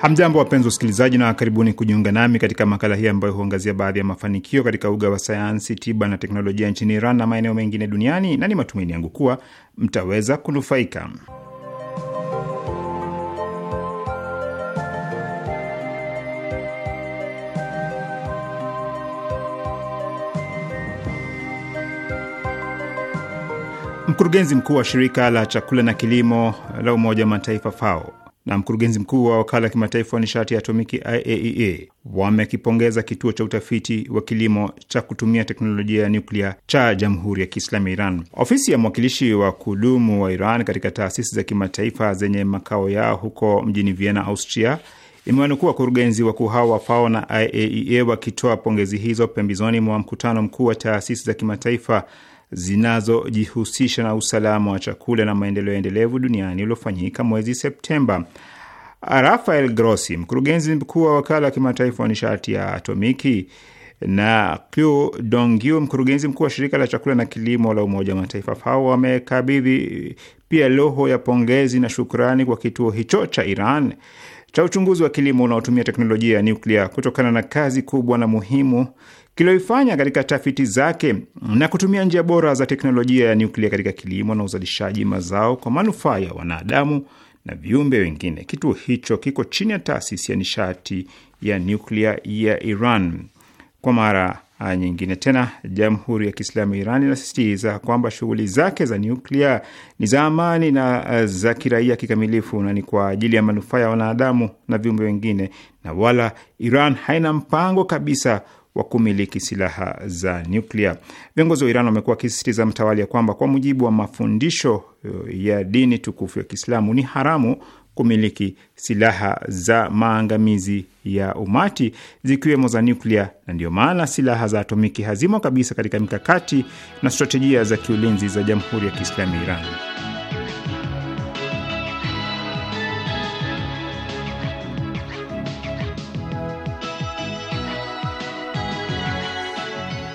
Speaker 4: Hamjambo, wapenzi wasikilizaji, na karibuni kujiunga nami katika makala hii ambayo huangazia baadhi ya mafanikio katika uga wa sayansi, tiba na teknolojia nchini Iran na maeneo mengine duniani, na ni matumaini yangu kuwa mtaweza kunufaika. Mkurugenzi mkuu wa shirika la chakula na kilimo la Umoja wa Mataifa FAO na mkurugenzi mkuu wa wakala ya kimataifa wa nishati ya atomiki IAEA e wamekipongeza kituo cha utafiti wa kilimo cha kutumia teknolojia ya nyuklia cha Jamhuri ya Kiislamu ya Iran. Ofisi ya mwakilishi wa kudumu wa Iran katika taasisi za kimataifa zenye makao yao huko mjini Vienna, Austria imewanukua wakurugenzi wakuu hao wa FAO na IAEA e wakitoa pongezi hizo pembezoni mwa mkutano mkuu wa taasisi za kimataifa zinazojihusisha na usalama wa chakula na maendeleo endelevu duniani uliofanyika mwezi Septemba. Rafael Grossi, mkurugenzi mkuu wa wakala wa kimataifa wa nishati ya atomiki na Qu Dongyu, mkurugenzi mkuu wa shirika la chakula na kilimo la Umoja wa Mataifa FAO, wamekabidhi pia roho ya pongezi na shukrani kwa kituo hicho cha Iran cha uchunguzi wa kilimo unaotumia teknolojia ya nuklia kutokana na kazi kubwa na muhimu kiloifanya katika tafiti zake na kutumia njia bora za teknolojia ya nyuklia katika kilimo na uzalishaji mazao kwa manufaa ya wanadamu na viumbe wengine. Kituo hicho kiko chini ya taasisi ya nishati ya nyuklia ya Iran. Kwa mara nyingine tena, Jamhuri ya Kiislamu ya Iran inasisitiza kwamba shughuli zake za nyuklia ni za amani na za kiraia kikamilifu na ni kwa ajili ya manufaa ya wanadamu na viumbe wengine, na wala Iran haina mpango kabisa wa kumiliki silaha za nyuklia. Viongozi wa Iran wamekuwa wakisisitiza mtawali ya kwamba kwa mujibu wa mafundisho uh, ya dini tukufu ya Kiislamu ni haramu kumiliki silaha za maangamizi ya umati zikiwemo za nyuklia, na ndiyo maana silaha za atomiki hazimo kabisa katika mikakati na stratejia za kiulinzi za Jamhuri ya Kiislamu ya Iran.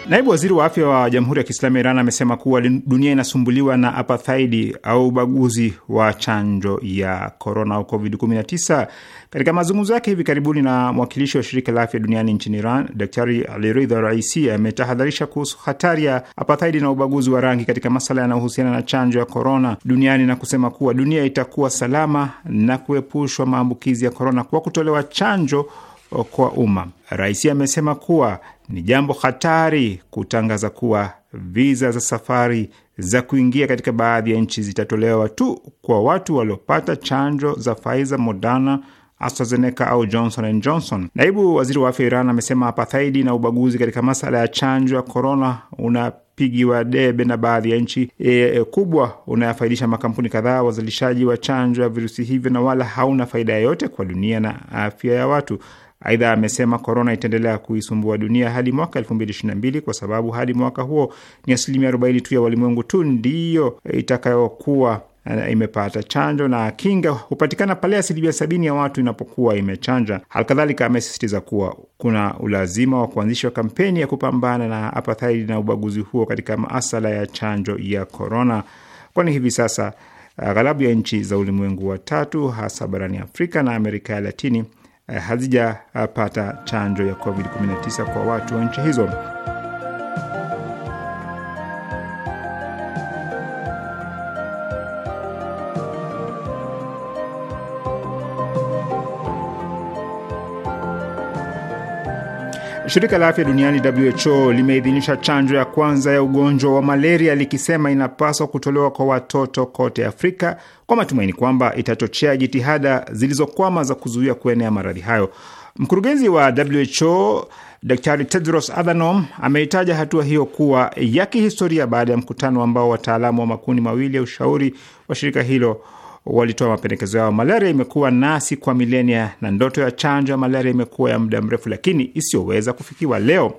Speaker 4: Naibu waziri wa afya wa Jamhuri ya Kiislamu ya Iran amesema kuwa dunia inasumbuliwa na apathaidi au ubaguzi wa chanjo ya korona au COVID-19. Katika mazungumzo yake hivi karibuni na mwakilishi wa shirika la afya duniani nchini Iran, Daktari Aliridha Raisi ametahadharisha kuhusu hatari ya apathaidi na ubaguzi wa rangi katika masala yanayohusiana na chanjo ya korona duniani na kusema kuwa dunia itakuwa salama na kuepushwa maambukizi ya korona kwa kutolewa chanjo kwa umma. Rais amesema kuwa ni jambo hatari kutangaza kuwa viza za safari za kuingia katika baadhi ya nchi zitatolewa tu kwa watu waliopata chanjo za Pfizer, Moderna, AstraZeneca au Johnson and Johnson. Naibu waziri wa afya Iran amesema apathaidi na ubaguzi katika masala ya chanjo ya korona unapigiwa debe na baadhi ya nchi e, e, kubwa unayafaidisha makampuni kadhaa wazalishaji wa chanjo ya virusi hivyo na wala hauna faida yoyote kwa dunia na afya ya watu. Aidha amesema korona itaendelea kuisumbua dunia hadi mwaka mbili kwa sababu hadi mwaka huo ni asilimia arobaini tu ya walimwengu tu ndiyo itakayokuwa eh, imepata chanjo na kinga hupatikana pale asilimia sabini ya watu inapokuwa imechanja. Halikadhalika, amesisitiza kuwa kuna ulazima wa kuanzishwa kampeni ya kupambana na apathaidi na ubaguzi huo katika maasala ya chanjo ya korona, kwani hivi sasa eh, ghalabu ya nchi za ulimwengu wa tatu hasa barani Afrika na Amerika ya Latini Eh, hazijapata chanjo ya COVID-19 kwa watu wa nchi hizo. Shirika la afya duniani WHO limeidhinisha chanjo ya kwanza ya ugonjwa wa malaria likisema inapaswa kutolewa kwa watoto kote Afrika kwa matumaini kwamba itachochea jitihada zilizokwama za kuzuia kuenea maradhi hayo. Mkurugenzi wa WHO Daktari Tedros Adhanom ameitaja hatua hiyo kuwa ya kihistoria baada ya mkutano ambao wataalamu wa makundi mawili ya ushauri wa shirika hilo walitoa mapendekezo yao. Malaria imekuwa nasi kwa milenia na ndoto ya chanjo ya malaria imekuwa ya muda mrefu, lakini isiyoweza kufikiwa. Leo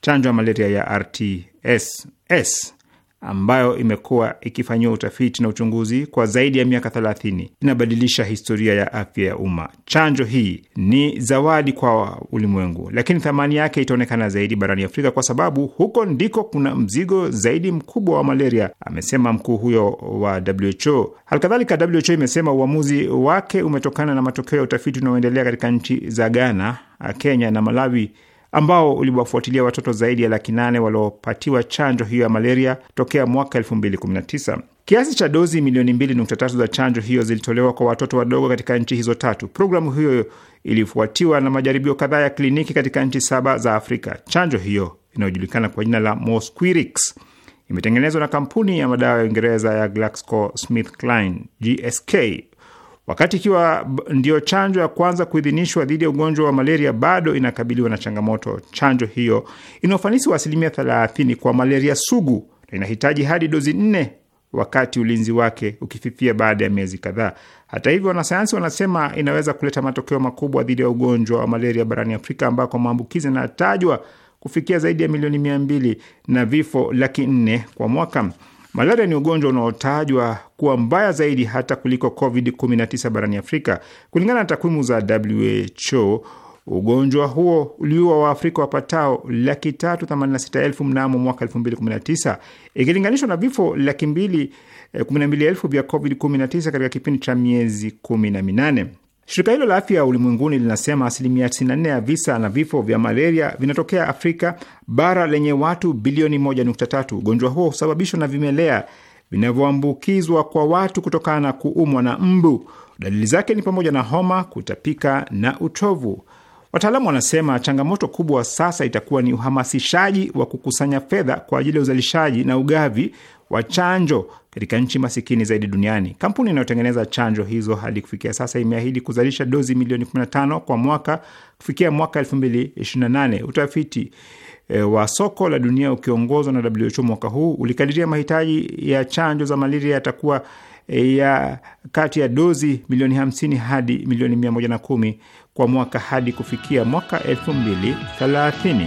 Speaker 4: chanjo ya malaria ya rtss ambayo imekuwa ikifanyiwa utafiti na uchunguzi kwa zaidi ya miaka thelathini inabadilisha historia ya afya ya umma. Chanjo hii ni zawadi kwa ulimwengu, lakini thamani yake itaonekana zaidi barani Afrika kwa sababu huko ndiko kuna mzigo zaidi mkubwa wa malaria, amesema mkuu huyo wa WHO. Halikadhalika, WHO imesema uamuzi wake umetokana na matokeo ya utafiti unaoendelea katika nchi za Ghana, Kenya na Malawi ambao uliwafuatilia watoto zaidi ya laki nane waliopatiwa chanjo hiyo ya malaria tokea mwaka 2019. Kiasi cha dozi milioni 2.3 za chanjo hiyo zilitolewa kwa watoto wadogo katika nchi hizo tatu. Programu hiyo ilifuatiwa na majaribio kadhaa ya kliniki katika nchi saba za Afrika. Chanjo hiyo inayojulikana kwa jina la Mosquirix imetengenezwa na kampuni ya madawa ya Uingereza ya GlaxoSmithKline GSK wakati ikiwa ndiyo chanjo ya kwanza kuidhinishwa dhidi ya ugonjwa wa malaria, bado inakabiliwa na changamoto. Chanjo hiyo ina ufanisi wa asilimia 30 kwa malaria sugu na inahitaji hadi dozi nne, wakati ulinzi wake ukififia baada ya miezi kadhaa. Hata hivyo, wanasayansi wanasema inaweza kuleta matokeo makubwa dhidi ya ugonjwa wa malaria barani Afrika ambako maambukizi yanatajwa kufikia zaidi ya milioni mia mbili na vifo laki nne kwa mwaka. Malaria ni ugonjwa unaotajwa kuwa mbaya zaidi hata kuliko COVID-19 barani Afrika. Kulingana na takwimu za WHO, ugonjwa huo uliua Waafrika wapatao laki tatu themanini na sita elfu mnamo mwaka tisa ikilinganishwa na vifo laki mbili eh, kumi na mbili elfu vya COVID-19 katika kipindi cha miezi kumi na minane. Shirika hilo la afya ulimwenguni linasema asilimia 94 ya visa na vifo vya malaria vinatokea Afrika bara lenye watu bilioni 1.3. Ugonjwa huo husababishwa na vimelea vinavyoambukizwa kwa watu kutokana na kuumwa na mbu. Dalili zake ni pamoja na homa, kutapika na uchovu. Wataalamu wanasema changamoto kubwa sasa itakuwa ni uhamasishaji wa kukusanya fedha kwa ajili ya uzalishaji na ugavi wa chanjo katika nchi masikini zaidi duniani. Kampuni inayotengeneza chanjo hizo hadi kufikia sasa imeahidi kuzalisha dozi milioni 15 kwa mwaka kufikia mwaka 2028. Utafiti e, wa soko la dunia ukiongozwa na WHO mwaka huu ulikadiria mahitaji ya chanjo za malaria yatakuwa eh, ya kati ya dozi milioni 50 hadi milioni 110 kwa mwaka hadi kufikia mwaka 2030.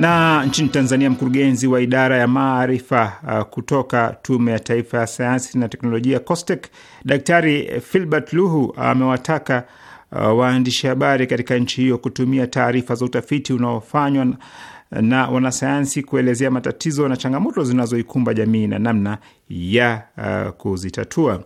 Speaker 4: Na nchini Tanzania, mkurugenzi wa idara ya maarifa uh, kutoka Tume ya Taifa ya Sayansi na Teknolojia COSTECH, Daktari Filbert Luhu amewataka uh, uh, waandishi habari katika nchi hiyo kutumia taarifa za utafiti unaofanywa na wanasayansi kuelezea matatizo na changamoto zinazoikumba jamii na namna ya uh, kuzitatua.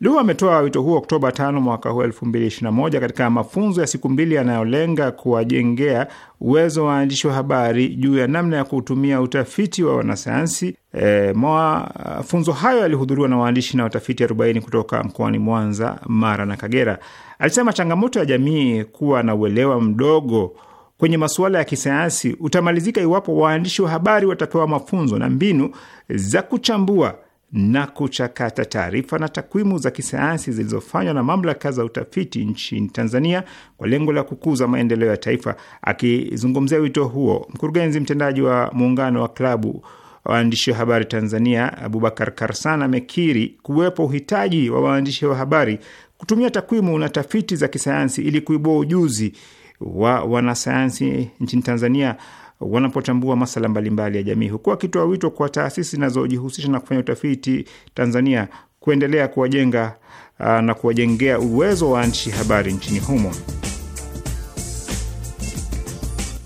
Speaker 4: Lu ametoa wito huo Oktoba 5 mwaka huu 2021 katika mafunzo ya siku mbili yanayolenga kuwajengea uwezo wa waandishi wa habari juu ya namna ya kutumia utafiti wa wanasayansi. E, mafunzo hayo yalihudhuriwa na waandishi na watafiti 40 kutoka mkoani Mwanza, Mara na Kagera. Alisema changamoto ya jamii kuwa na uelewa mdogo kwenye masuala ya kisayansi utamalizika iwapo waandishi wa habari watapewa mafunzo na mbinu za kuchambua na kuchakata taarifa na takwimu za kisayansi zilizofanywa na mamlaka za utafiti nchini Tanzania kwa lengo la kukuza maendeleo ya taifa. Akizungumzia wito huo, mkurugenzi mtendaji wa muungano wa klabu waandishi wa habari Tanzania Abubakar Karsan amekiri kuwepo uhitaji wa waandishi wa habari kutumia takwimu na tafiti za kisayansi ili kuibua ujuzi wa wanasayansi nchini Tanzania wanapochambua masala mbalimbali ya jamii, huku akitoa wito kwa taasisi zinazojihusisha na kufanya utafiti Tanzania kuendelea kuwajenga uh, na kuwajengea uwezo wa waandishi habari nchini humo.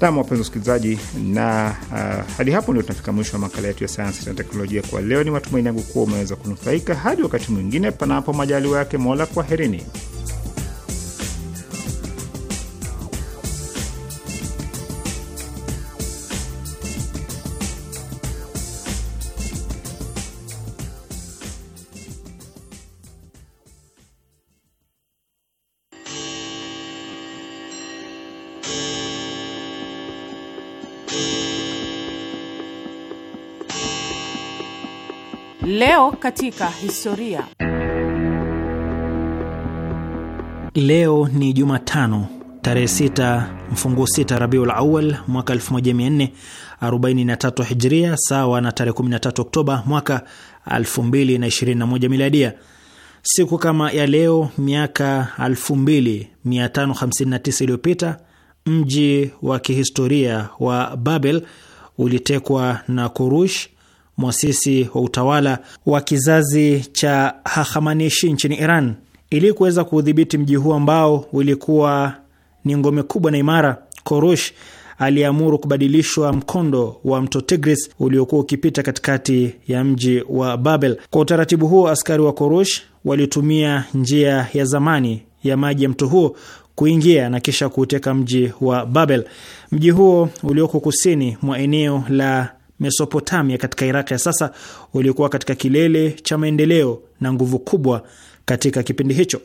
Speaker 4: Nam, wapenzi wasikilizaji, na uh, hadi hapo ndio tunafika mwisho wa makala yetu ya sayansi na teknolojia kwa leo. Ni matumaini yangu kuwa umeweza kunufaika. Hadi wakati mwingine, panapo majaliwa yake Mola, kwaherini.
Speaker 5: Leo katika historia.
Speaker 6: Leo ni Jumatano tarehe 6 mfunguo 6 Rabiul Awal mwaka 1443 Hijria, sawa na tarehe 13 Oktoba mwaka 2021 Miladia. Siku kama ya leo miaka 2559 iliyopita mji wa kihistoria wa Babel ulitekwa na Kurush mwasisi wa utawala wa kizazi cha hahamanishi nchini Iran. Ili kuweza kuudhibiti mji huu ambao ulikuwa ni ngome kubwa na imara, Korush aliamuru kubadilishwa mkondo wa mto Tigris uliokuwa ukipita katikati ya mji wa Babel. Kwa utaratibu huo, askari wa Korush walitumia njia ya zamani ya maji ya mto huo kuingia na kisha kuuteka mji wa Babel. Mji huo ulioko kusini mwa eneo la Mesopotamia katika Iraq ya sasa uliokuwa katika kilele cha maendeleo na nguvu kubwa katika kipindi hicho.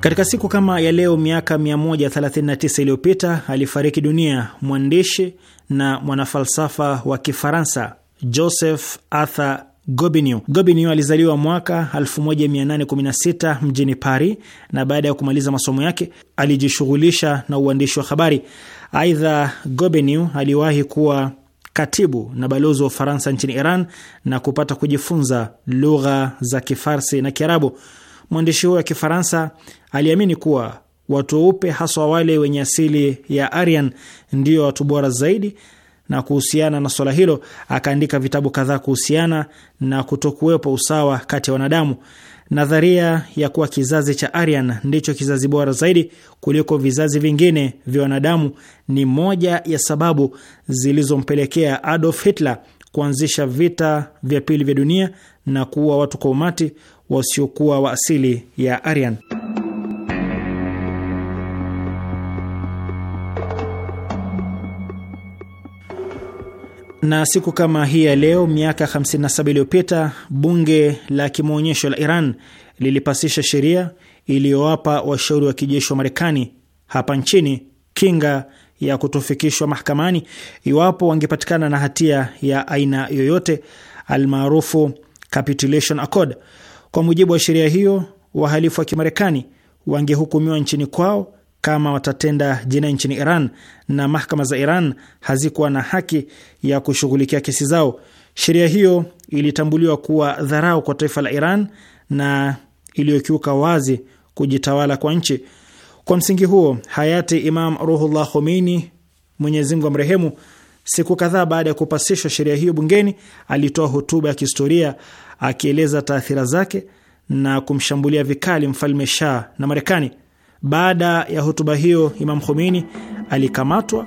Speaker 6: Katika siku kama ya leo miaka 139 iliyopita alifariki dunia mwandishi na mwanafalsafa wa Kifaransa Joseph Arthur Gobineau. Gobineau alizaliwa mwaka 1816 mjini Paris na baada ya kumaliza masomo yake alijishughulisha na uandishi wa habari. Aidha, Gobineau aliwahi kuwa katibu na balozi wa Ufaransa nchini Iran na kupata kujifunza lugha za Kifarsi na Kiarabu. Mwandishi huyo wa Kifaransa aliamini kuwa watu weupe, haswa wale wenye asili ya Aryan, ndio watu bora zaidi na kuhusiana na swala hilo akaandika vitabu kadhaa kuhusiana na kutokuwepo usawa kati ya wanadamu. Nadharia ya kuwa kizazi cha Aryan ndicho kizazi bora zaidi kuliko vizazi vingine vya wanadamu ni moja ya sababu zilizompelekea Adolf Hitler kuanzisha vita vya pili vya dunia na kuua watu kwa umati wasiokuwa wa asili ya Aryan. Na siku kama hii ya leo miaka 57 iliyopita bunge la kimaonyesho la Iran lilipasisha sheria iliyowapa washauri wa kijeshi wa Marekani hapa nchini kinga ya kutofikishwa mahakamani iwapo wangepatikana na hatia ya aina yoyote, almaarufu capitulation accord. Kwa mujibu wa sheria hiyo, wahalifu wa Kimarekani wangehukumiwa nchini kwao kama watatenda jinai nchini Iran na mahakama za Iran hazikuwa na haki ya kushughulikia kesi zao. Sheria hiyo ilitambuliwa kuwa dharau kwa taifa la Iran na iliyokiuka wazi kujitawala kwa nchi. Kwa msingi huo, hayati Imam Ruhullah Khomeini, Mwenyezi Mungu amrehemu, siku kadhaa baada ya kupasishwa sheria hiyo bungeni, alitoa hotuba ya kihistoria akieleza taathira zake na kumshambulia vikali mfalme Shah na Marekani. Baada ya hotuba hiyo, Imam Khomeini alikamatwa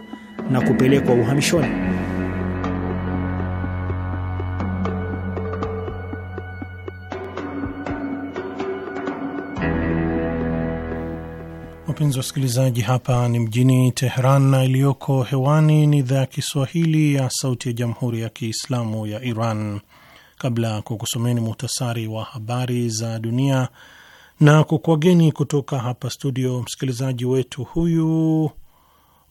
Speaker 6: na kupelekwa uhamishoni.
Speaker 1: Wapenzi wasikilizaji, hapa ni mjini Teheran na iliyoko hewani ni idhaa ya Kiswahili ya Sauti ya Jamhuri ya Kiislamu ya Iran. Kabla ya kukusomeni muhtasari wa habari za dunia na kukuageni kutoka hapa studio. Msikilizaji wetu huyu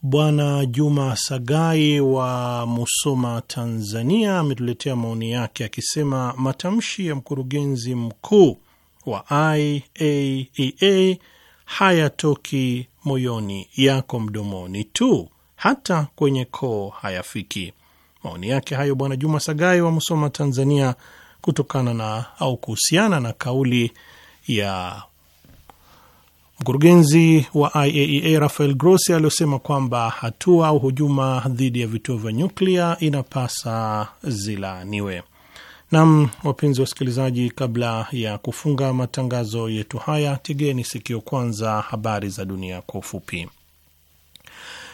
Speaker 1: Bwana Juma Sagai wa Musoma, Tanzania, ametuletea maoni yake akisema matamshi ya mkurugenzi mkuu wa IAEA e hayatoki moyoni, yako mdomoni tu, hata kwenye koo hayafiki. Maoni yake hayo Bwana Juma Sagai wa Musoma, Tanzania, kutokana na au kuhusiana na kauli ya mkurugenzi wa IAEA e Rafael Grossi aliosema kwamba hatua au hujuma dhidi ya vituo vya nyuklia inapasa zilaaniwe. Nam, wapenzi wasikilizaji, kabla ya kufunga matangazo yetu haya, tegeni sikio kwanza habari za dunia kwa ufupi.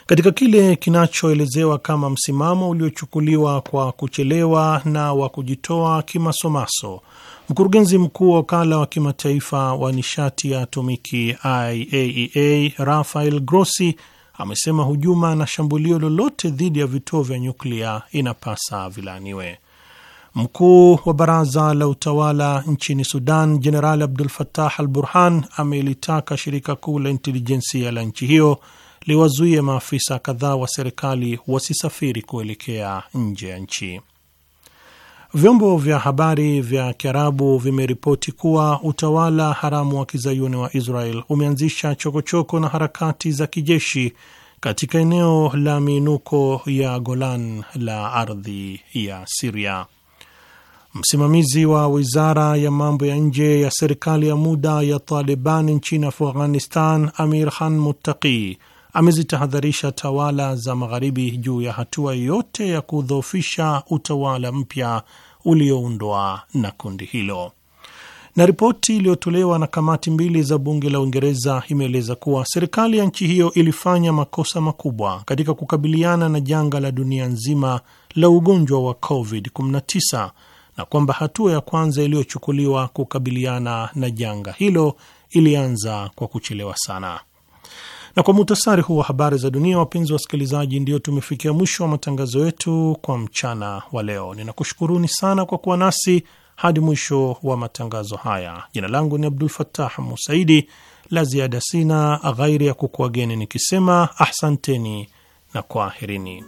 Speaker 1: Katika kile kinachoelezewa kama msimamo uliochukuliwa kwa kuchelewa na wa kujitoa kimasomaso Mkurugenzi mkuu wa wakala wa kimataifa wa nishati ya atomiki IAEA e Rafael Grossi amesema hujuma na shambulio lolote dhidi ya vituo vya nyuklia inapasa vilaaniwe. Mkuu wa baraza la utawala nchini Sudan jenerali Abdul fatah al Burhan amelitaka shirika kuu la intelijensia la nchi hiyo liwazuie maafisa kadhaa wa serikali wasisafiri kuelekea nje ya nchi. Vyombo vya habari vya Kiarabu vimeripoti kuwa utawala haramu wa kizayuni wa Israel umeanzisha chokochoko na harakati za kijeshi katika eneo la miinuko ya Golan la ardhi ya Siria. Msimamizi wa wizara ya mambo ya nje ya serikali ya muda ya Taliban nchini Afghanistan, Amir Khan Muttaqi amezitahadharisha tawala za magharibi juu ya hatua yote ya kudhoofisha utawala mpya ulioundwa na kundi hilo. Na ripoti iliyotolewa na kamati mbili za bunge la Uingereza imeeleza kuwa serikali ya nchi hiyo ilifanya makosa makubwa katika kukabiliana na janga la dunia nzima la ugonjwa wa COVID-19 na kwamba hatua ya kwanza iliyochukuliwa kukabiliana na janga hilo ilianza kwa kuchelewa sana. Na kwa muhtasari huu wa habari za dunia, wapenzi wa wasikilizaji, ndio tumefikia mwisho wa matangazo yetu kwa mchana wa leo. Ninakushukuruni sana kwa kuwa nasi hadi mwisho wa matangazo haya. Jina langu ni Abdul fatah Musaidi. La ziada sina ghairi ya kukuageni nikisema ahsanteni na kwaherini.